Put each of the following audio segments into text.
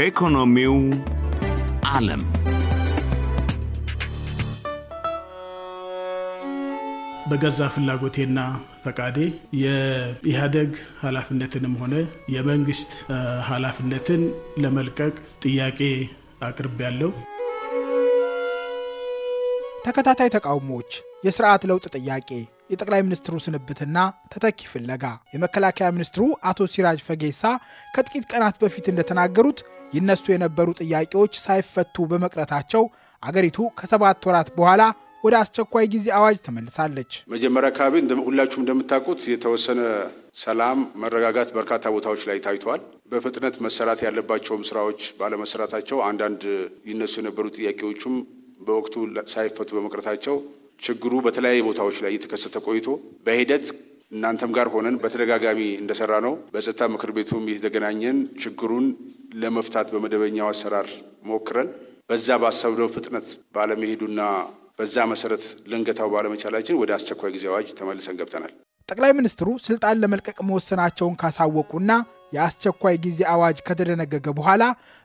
ከኢኮኖሚው ዓለም በገዛ ፍላጎቴና ፈቃዴ የኢህአደግ ኃላፊነትንም ሆነ የመንግስት ኃላፊነትን ለመልቀቅ ጥያቄ አቅርብ ያለው ተከታታይ ተቃውሞዎች፣ የስርዓት ለውጥ ጥያቄ የጠቅላይ ሚኒስትሩ ስንብትና ተተኪ ፍለጋ። የመከላከያ ሚኒስትሩ አቶ ሲራጅ ፈጌሳ ከጥቂት ቀናት በፊት እንደተናገሩት ይነሱ የነበሩ ጥያቄዎች ሳይፈቱ በመቅረታቸው አገሪቱ ከሰባት ወራት በኋላ ወደ አስቸኳይ ጊዜ አዋጅ ተመልሳለች። መጀመሪያ አካባቢ ሁላችሁም እንደምታውቁት የተወሰነ ሰላም፣ መረጋጋት በርካታ ቦታዎች ላይ ታይቷል። በፍጥነት መሰራት ያለባቸውም ስራዎች ባለመሰራታቸው አንዳንድ ይነሱ የነበሩ ጥያቄዎቹም በወቅቱ ሳይፈቱ በመቅረታቸው ችግሩ በተለያዩ ቦታዎች ላይ እየተከሰተ ቆይቶ በሂደት እናንተም ጋር ሆነን በተደጋጋሚ እንደሰራ ነው በጸጥታ ምክር ቤቱም እየተገናኘን ችግሩን ለመፍታት በመደበኛው አሰራር ሞክረን በዛ ባሰብነው ፍጥነት ባለመሄዱና በዛ መሰረት ልንገታው ባለመቻላችን ወደ አስቸኳይ ጊዜ አዋጅ ተመልሰን ገብተናል። ጠቅላይ ሚኒስትሩ ስልጣን ለመልቀቅ መወሰናቸውን ካሳወቁና የአስቸኳይ ጊዜ አዋጅ ከተደነገገ በኋላ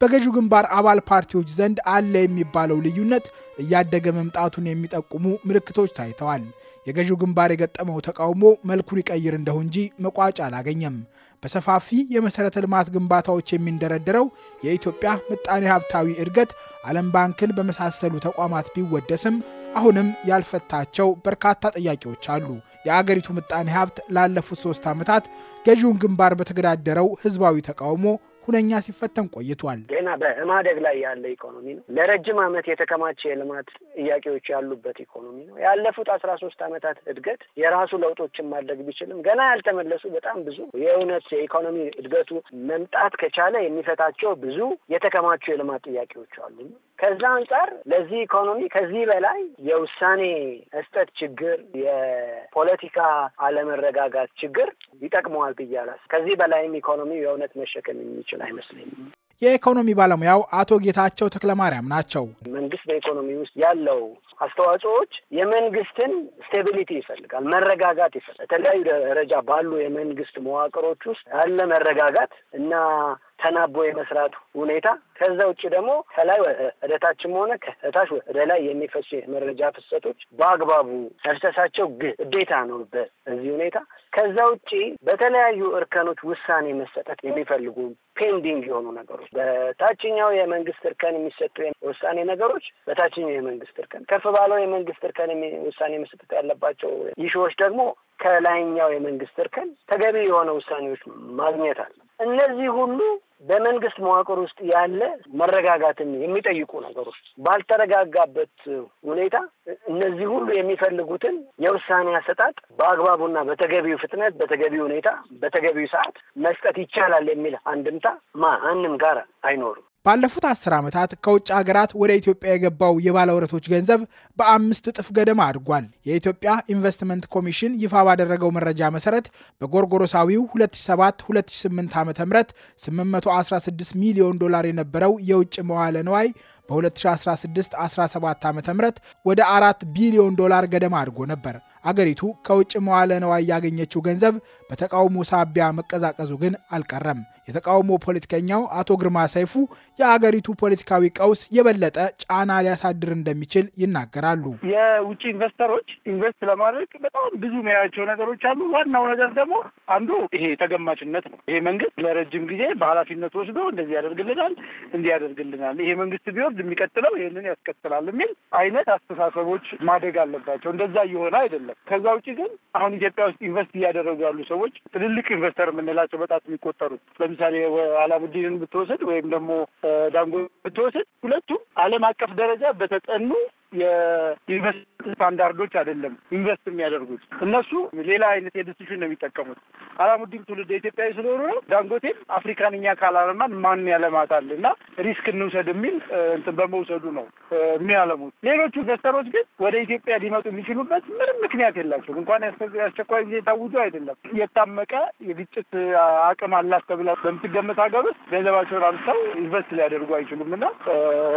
በገዢው ግንባር አባል ፓርቲዎች ዘንድ አለ የሚባለው ልዩነት እያደገ መምጣቱን የሚጠቁሙ ምልክቶች ታይተዋል። የገዢው ግንባር የገጠመው ተቃውሞ መልኩን ይቀይር እንደሁ እንጂ መቋጫ አላገኘም። በሰፋፊ የመሠረተ ልማት ግንባታዎች የሚንደረደረው የኢትዮጵያ ምጣኔ ሀብታዊ እድገት ዓለም ባንክን በመሳሰሉ ተቋማት ቢወደስም አሁንም ያልፈታቸው በርካታ ጥያቄዎች አሉ። የአገሪቱ ምጣኔ ሀብት ላለፉት ሶስት ዓመታት ገዢውን ግንባር በተገዳደረው ህዝባዊ ተቃውሞ ሁነኛ ሲፈተን ቆይቷል። ገና በማደግ ላይ ያለ ኢኮኖሚ ነው። ለረጅም ዓመት የተከማቸ የልማት ጥያቄዎች ያሉበት ኢኮኖሚ ነው። ያለፉት አስራ ሶስት ዓመታት እድገት የራሱ ለውጦችን ማድረግ ቢችልም ገና ያልተመለሱ በጣም ብዙ የእውነት የኢኮኖሚ እድገቱ መምጣት ከቻለ የሚፈታቸው ብዙ የተከማቹ የልማት ጥያቄዎች አሉ። ከዛ አንጻር ለዚህ ኢኮኖሚ ከዚህ በላይ የውሳኔ መስጠት ችግር፣ የፖለቲካ አለመረጋጋት ችግር ይጠቅመዋል ብያላስ ከዚህ በላይም ኢኮኖሚ የእውነት መሸከም የሚችል የሚችል አይመስለኝም። የኢኮኖሚ ባለሙያው አቶ ጌታቸው ተክለማርያም ናቸው። መንግስት በኢኮኖሚ ውስጥ ያለው አስተዋጽኦዎች የመንግስትን ስቴቢሊቲ ይፈልጋል፣ መረጋጋት ይፈልጋል። በተለያዩ ደረጃ ባሉ የመንግስት መዋቅሮች ውስጥ ያለ መረጋጋት እና ተናቦ የመስራት ሁኔታ ከዛ ውጭ ደግሞ ከላይ ወደታችም ሆነ ከታች ወደ ላይ የሚፈሱ የመረጃ ፍሰቶች በአግባቡ መፍሰሳቸው ግዴታ ነው በዚህ ሁኔታ። ከዛ ውጭ በተለያዩ እርከኖች ውሳኔ መሰጠት የሚፈልጉ ፔንዲንግ የሆኑ ነገሮች በታችኛው የመንግስት እርከን የሚሰጡ ውሳኔ ነገሮች በታችኛው የመንግስት እርከን፣ ከፍ ባለው የመንግስት እርከን ውሳኔ መሰጠት ያለባቸው ይሾዎች ደግሞ ከላይኛው የመንግስት እርከን ተገቢ የሆነ ውሳኔዎች ማግኘት አለ። እነዚህ ሁሉ በመንግስት መዋቅር ውስጥ ያለ መረጋጋትን የሚጠይቁ ነገሮች ባልተረጋጋበት ሁኔታ እነዚህ ሁሉ የሚፈልጉትን የውሳኔ አሰጣጥ በአግባቡና በተገቢው ፍጥነት፣ በተገቢው ሁኔታ፣ በተገቢው ሰዓት መስጠት ይቻላል የሚል አንድምታ ማንም ጋር አይኖርም። ባለፉት አስር ዓመታት ከውጭ ሀገራት ወደ ኢትዮጵያ የገባው የባለውረቶች ገንዘብ በአምስት እጥፍ ገደማ አድጓል። የኢትዮጵያ ኢንቨስትመንት ኮሚሽን ይፋ ባደረገው መረጃ መሰረት በጎርጎሮሳዊው 2007/2008 ዓ ም 816 ሚሊዮን ዶላር የነበረው የውጭ መዋለ ነዋይ በ2016/17 ዓ ም ወደ 4 ቢሊዮን ዶላር ገደማ አድጎ ነበር። አገሪቱ ከውጭ መዋለ ነዋይ ያገኘችው ገንዘብ በተቃውሞ ሳቢያ መቀዛቀዙ ግን አልቀረም። የተቃውሞ ፖለቲከኛው አቶ ግርማ ሰይፉ የአገሪቱ ፖለቲካዊ ቀውስ የበለጠ ጫና ሊያሳድር እንደሚችል ይናገራሉ። የውጭ ኢንቨስተሮች ኢንቨስት ለማድረግ በጣም ብዙ የሚያያቸው ነገሮች አሉ። ዋናው ነገር ደግሞ አንዱ ይሄ ተገማችነት ነው። ይሄ መንግስት ለረጅም ጊዜ በኃላፊነት ወስዶ እንደዚህ ያደርግልናል፣ እንዲህ ያደርግልናል፣ ይሄ መንግስት ቢወርድ የሚቀጥለው ይህንን ያስቀጥላል የሚል አይነት አስተሳሰቦች ማደግ አለባቸው። እንደዛ እየሆነ አይደለም። ከዛ ውጭ ግን አሁን ኢትዮጵያ ውስጥ ኢንቨስት እያደረጉ ያሉ ሰዎች ትልልቅ ኢንቨስተር የምንላቸው በጣት የሚቆጠሩት ለምሳሌ አላሙዲንን ብትወስድ ወይም ደግሞ ዳንጎ ብትወስድ ሁለቱም ዓለም አቀፍ ደረጃ በተጠኑ የኢንቨስት ስታንዳርዶች አይደለም ኢንቨስት የሚያደርጉት። እነሱ ሌላ አይነት የዲሲሽን ነው የሚጠቀሙት። አላሙዲን ትውልድ ኢትዮጵያዊ ስለሆኑ ነው። ዳንጎቴም አፍሪካን እኛ ካላለማን ማን ያለማታል እና ሪስክ እንውሰድ የሚል እንትን በመውሰዱ ነው የሚያለሙት። ሌሎቹ ኢንቨስተሮች ግን ወደ ኢትዮጵያ ሊመጡ የሚችሉበት ምንም ምክንያት የላቸውም። እንኳን ያስቸኳይ ጊዜ ታውጆ አይደለም የታመቀ የግጭት አቅም አላት ተብላ በምትገመት ሀገር ውስጥ ገንዘባቸውን አምጥተው ኢንቨስት ሊያደርጉ አይችሉም እና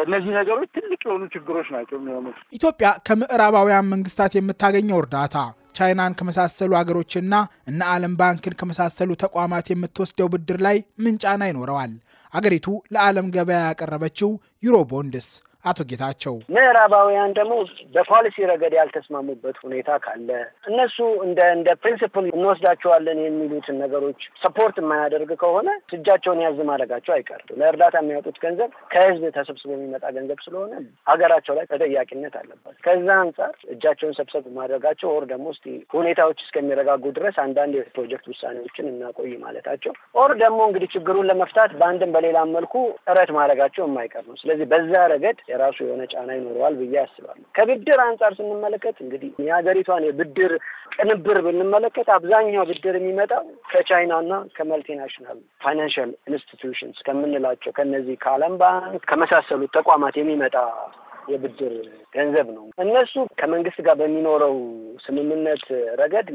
እነዚህ ነገሮች ትልቅ የሆኑ ችግሮች ናቸው የሚሆኑ ኢትዮጵያ ከምዕራባውያን መንግስታት የምታገኘው እርዳታ ቻይናን ከመሳሰሉ አገሮችና እነ ዓለም ባንክን ከመሳሰሉ ተቋማት የምትወስደው ብድር ላይ ምን ጫና ይኖረዋል? አገሪቱ ለዓለም ገበያ ያቀረበችው ዩሮ ቦንድስ አቶ ጌታቸው ምዕራባውያን ደግሞ በፖሊሲ ረገድ ያልተስማሙበት ሁኔታ ካለ እነሱ እንደ እንደ ፕሪንስፕል እንወስዳቸዋለን የሚሉትን ነገሮች ሰፖርት የማያደርግ ከሆነ እጃቸውን ያዝ ማድረጋቸው አይቀርም። ለእርዳታ የሚያወጡት ገንዘብ ከህዝብ ተሰብስቦ የሚመጣ ገንዘብ ስለሆነ ሀገራቸው ላይ ተጠያቂነት አለባት ከዛ አንጻር እጃቸውን ሰብሰብ ማድረጋቸው ኦር ደግሞ እስኪ ሁኔታዎች እስከሚረጋጉ ድረስ አንዳንድ የፕሮጀክት ውሳኔዎችን እናቆይ ማለታቸው ኦር ደግሞ እንግዲህ ችግሩን ለመፍታት በአንድም በሌላም መልኩ ጥረት ማድረጋቸው የማይቀር ነው። ስለዚህ በዛ ረገድ የራሱ የሆነ ጫና ይኖረዋል ብዬ አስባለሁ። ከብድር አንጻር ስንመለከት እንግዲህ የሀገሪቷን የብድር ቅንብር ብንመለከት አብዛኛው ብድር የሚመጣው ከቻይናና ከመልቲናሽናል ፋይናንሽል ኢንስቲትዩሽንስ ከምንላቸው ከነዚህ ከዓለም ባንክ ከመሳሰሉት ተቋማት የሚመጣ የብድር ገንዘብ ነው። እነሱ ከመንግስት ጋር በሚኖረው ስምምነት ረገድ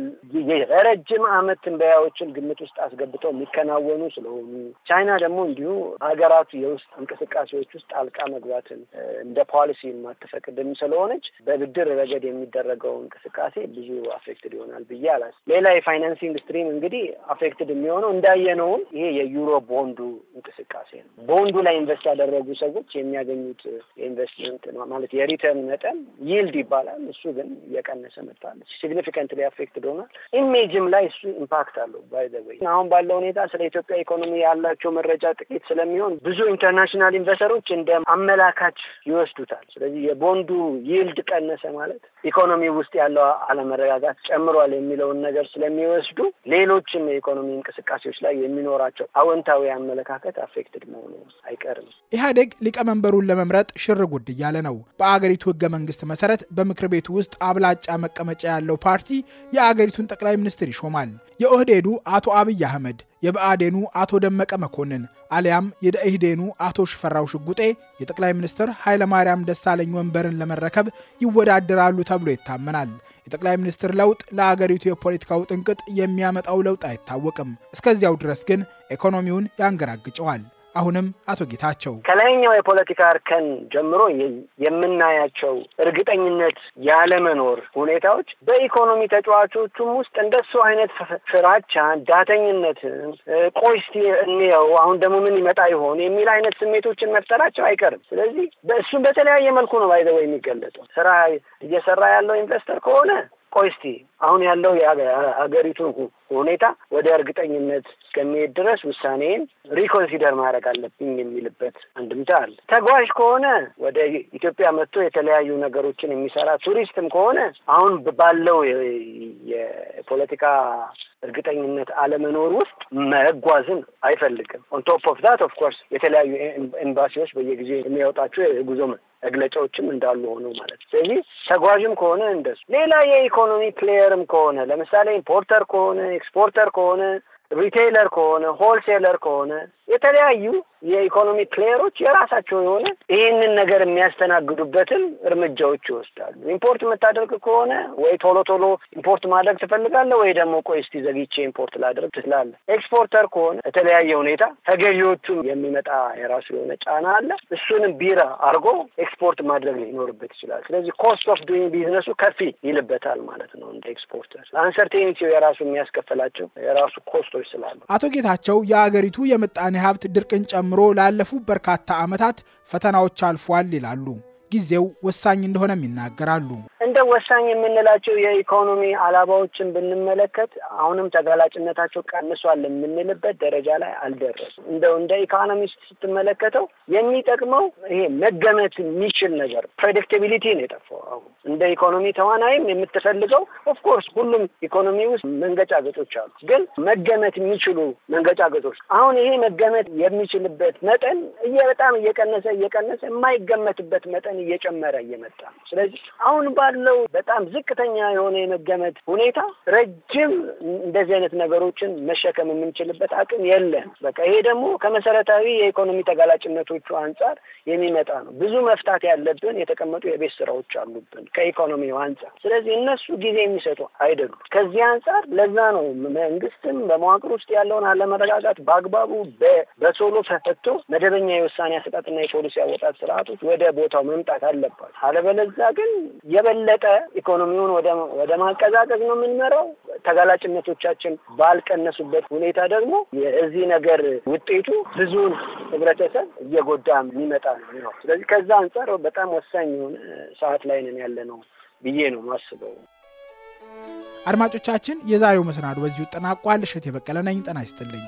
የረጅም አመት ትንበያዎችን ግምት ውስጥ አስገብተው የሚከናወኑ ስለሆኑ ቻይና ደግሞ እንዲሁ ሀገራቱ የውስጥ እንቅስቃሴዎች ውስጥ ጣልቃ መግባትን እንደ ፖሊሲ የማትፈቅድም ስለሆነች በብድር ረገድ የሚደረገው እንቅስቃሴ ብዙ አፌክትድ ይሆናል ብዬ አላስ ሌላ የፋይናንሲንግ ስትሪም እንግዲህ አፌክትድ የሚሆነው እንዳየነውም ይሄ የዩሮ ቦንዱ እንቅስቃሴ ነው። ቦንዱ ላይ ኢንቨስት ያደረጉ ሰዎች የሚያገኙት የኢንቨስትመንት ነው ማለት የሪተርን መጠን ይልድ ይባላል። እሱ ግን እየቀነሰ መጥታለች። ሲግኒፊካንትሊ አፌክትድ ሆኗል። ኢሜጅም ላይ እሱ ኢምፓክት አለው። ባይ ዘ ወይ አሁን ባለው ሁኔታ ስለ ኢትዮጵያ ኢኮኖሚ ያላቸው መረጃ ጥቂት ስለሚሆን ብዙ ኢንተርናሽናል ኢንቨስተሮች እንደ አመላካች ይወስዱታል። ስለዚህ የቦንዱ ይልድ ቀነሰ ማለት ኢኮኖሚ ውስጥ ያለው አለመረጋጋት ጨምሯል የሚለውን ነገር ስለሚወስዱ ሌሎችም የኢኮኖሚ እንቅስቃሴዎች ላይ የሚኖራቸው አወንታዊ አመለካከት አፌክትድ መሆኑ አይቀርም። ኢህአዴግ ሊቀመንበሩን ለመምረጥ ሽር ጉድ እያለ ነው። በአገሪቱ ህገ መንግስት መሰረት በምክር ቤቱ ውስጥ አብላጫ መቀመጫ ያለው ፓርቲ የአገሪቱን ጠቅላይ ሚኒስትር ይሾማል። የኦህዴዱ አቶ አብይ አህመድ፣ የብአዴኑ አቶ ደመቀ መኮንን አሊያም የደኢህዴኑ አቶ ሽፈራው ሽጉጤ የጠቅላይ ሚኒስትር ኃይለማርያም ደሳለኝ ወንበርን ለመረከብ ይወዳደራሉ ተብሎ ይታመናል። የጠቅላይ ሚኒስትር ለውጥ ለአገሪቱ የፖለቲካው ጥንቅጥ የሚያመጣው ለውጥ አይታወቅም። እስከዚያው ድረስ ግን ኢኮኖሚውን ያንገራግጨዋል። አሁንም አቶ ጌታቸው ከላይኛው የፖለቲካ እርከን ጀምሮ የምናያቸው እርግጠኝነት ያለመኖር ሁኔታዎች በኢኮኖሚ ተጫዋቾቹም ውስጥ እንደሱ አይነት ፍራቻን፣ ዳተኝነትን፣ ቆይ እስቲ እንየው አሁን ደግሞ ምን ይመጣ ይሆን የሚል አይነት ስሜቶችን መፍጠራቸው አይቀርም። ስለዚህ በእሱም በተለያየ መልኩ ነው ባይዘው የሚገለጠው ስራ እየሰራ ያለው ኢንቨስተር ከሆነ ቆይ እስቲ አሁን ያለው የአገሪቱ ሁኔታ ወደ እርግጠኝነት እስከሚሄድ ድረስ ውሳኔን ሪኮንሲደር ማድረግ አለብኝ የሚልበት አንድምታ አለ። ተጓዥ ከሆነ ወደ ኢትዮጵያ መጥቶ የተለያዩ ነገሮችን የሚሰራ ቱሪስትም ከሆነ አሁን ባለው የፖለቲካ እርግጠኝነት አለመኖር ውስጥ መጓዝን አይፈልግም። ኦን ቶፕ ኦፍ ዛት ኦፍ ኮርስ የተለያዩ ኤምባሲዎች በየጊዜው የሚያወጣቸው የጉዞ መግለጫዎችም እንዳሉ ሆኖ ማለት ስለዚህ ተጓዥም ከሆነ እንደሱ ሌላ የኢኮኖሚ ፕሌየርም ከሆነ ለምሳሌ ኢምፖርተር ከሆነ ኤክስፖርተር ከሆነ ሪቴይለር ከሆነ ሆልሴለር ከሆነ የተለያዩ የኢኮኖሚ ፕሌየሮች የራሳቸው የሆነ ይህንን ነገር የሚያስተናግዱበትን እርምጃዎች ይወስዳሉ። ኢምፖርት የምታደርግ ከሆነ ወይ ቶሎ ቶሎ ኢምፖርት ማድረግ ትፈልጋለህ፣ ወይ ደግሞ ቆይ እስቲ ዘግቼ ኢምፖርት ላደርግ ትችላለህ። ኤክስፖርተር ከሆነ የተለያየ ሁኔታ ከገዢዎቹም የሚመጣ የራሱ የሆነ ጫና አለ። እሱንም ቢራ አድርጎ ኤክስፖርት ማድረግ ሊኖርበት ይችላል። ስለዚህ ኮስት ኦፍ ዱዊንግ ቢዝነሱ ከፍ ይልበታል ማለት ነው። እንደ ኤክስፖርተር አንሰርቴኒቲው የራሱ የሚያስከፈላቸው የራሱ ኮስቶች ስላሉ አቶ ጌታቸው የአገሪቱ የምጣኔ ሀብት ድርቅን ጨምሮ ጀምሮ ላለፉ በርካታ ዓመታት ፈተናዎች አልፏል ይላሉ። ጊዜው ወሳኝ እንደሆነም ይናገራሉ። እንደ ወሳኝ የምንላቸው የኢኮኖሚ አላባዎችን ብንመለከት አሁንም ተጋላጭነታቸው ቀንሷል የምንልበት ደረጃ ላይ አልደረሱ እንደው እንደ ኢኮኖሚስት ስትመለከተው የሚጠቅመው ይሄ መገመት የሚችል ነገር ፕሬዲክቲቢሊቲ ነው የጠፋው። አሁን እንደ ኢኮኖሚ ተዋናይም የምትፈልገው ኦፍኮርስ ሁሉም ኢኮኖሚ ውስጥ ገጦች አሉ፣ ግን መገመት የሚችሉ ገጦች አሁን ይሄ መገመት የሚችልበት መጠን እየ በጣም እየቀነሰ እየቀነሰ የማይገመትበት መጠን እየጨመረ እየመጣ ነው። ስለዚህ አሁን ባሉ ያለው በጣም ዝቅተኛ የሆነ የመገመት ሁኔታ ረጅም እንደዚህ አይነት ነገሮችን መሸከም የምንችልበት አቅም የለም። በቃ ይሄ ደግሞ ከመሰረታዊ የኢኮኖሚ ተጋላጭነቶቹ አንጻር የሚመጣ ነው። ብዙ መፍታት ያለብን የተቀመጡ የቤት ስራዎች አሉብን ከኢኮኖሚው አንጻር። ስለዚህ እነሱ ጊዜ የሚሰጡ አይደሉም። ከዚህ አንጻር ለዛ ነው መንግስትም በመዋቅር ውስጥ ያለውን አለመረጋጋት በአግባቡ በቶሎ ተፈቶ መደበኛ የውሳኔ አሰጣጥና የፖሊሲ አወጣት ስርዓቶች ወደ ቦታው መምጣት አለባት። አለበለዛ ግን የበለ የበለጠ ኢኮኖሚውን ወደ ማቀዛቀዝ ነው የምንመራው። ተጋላጭነቶቻችን ባልቀነሱበት ሁኔታ ደግሞ የዚህ ነገር ውጤቱ ብዙውን ህብረተሰብ እየጎዳ የሚመጣ ነው። ስለዚህ ከዛ አንጻር በጣም ወሳኝ የሆነ ሰዓት ላይ ነን ያለ ነው ብዬ ነው ማስበው። አድማጮቻችን፣ የዛሬው መሰናዶ በዚሁ ጠናቋል። እሸት የበቀለ ነኝ። ጤና ይስጥልኝ።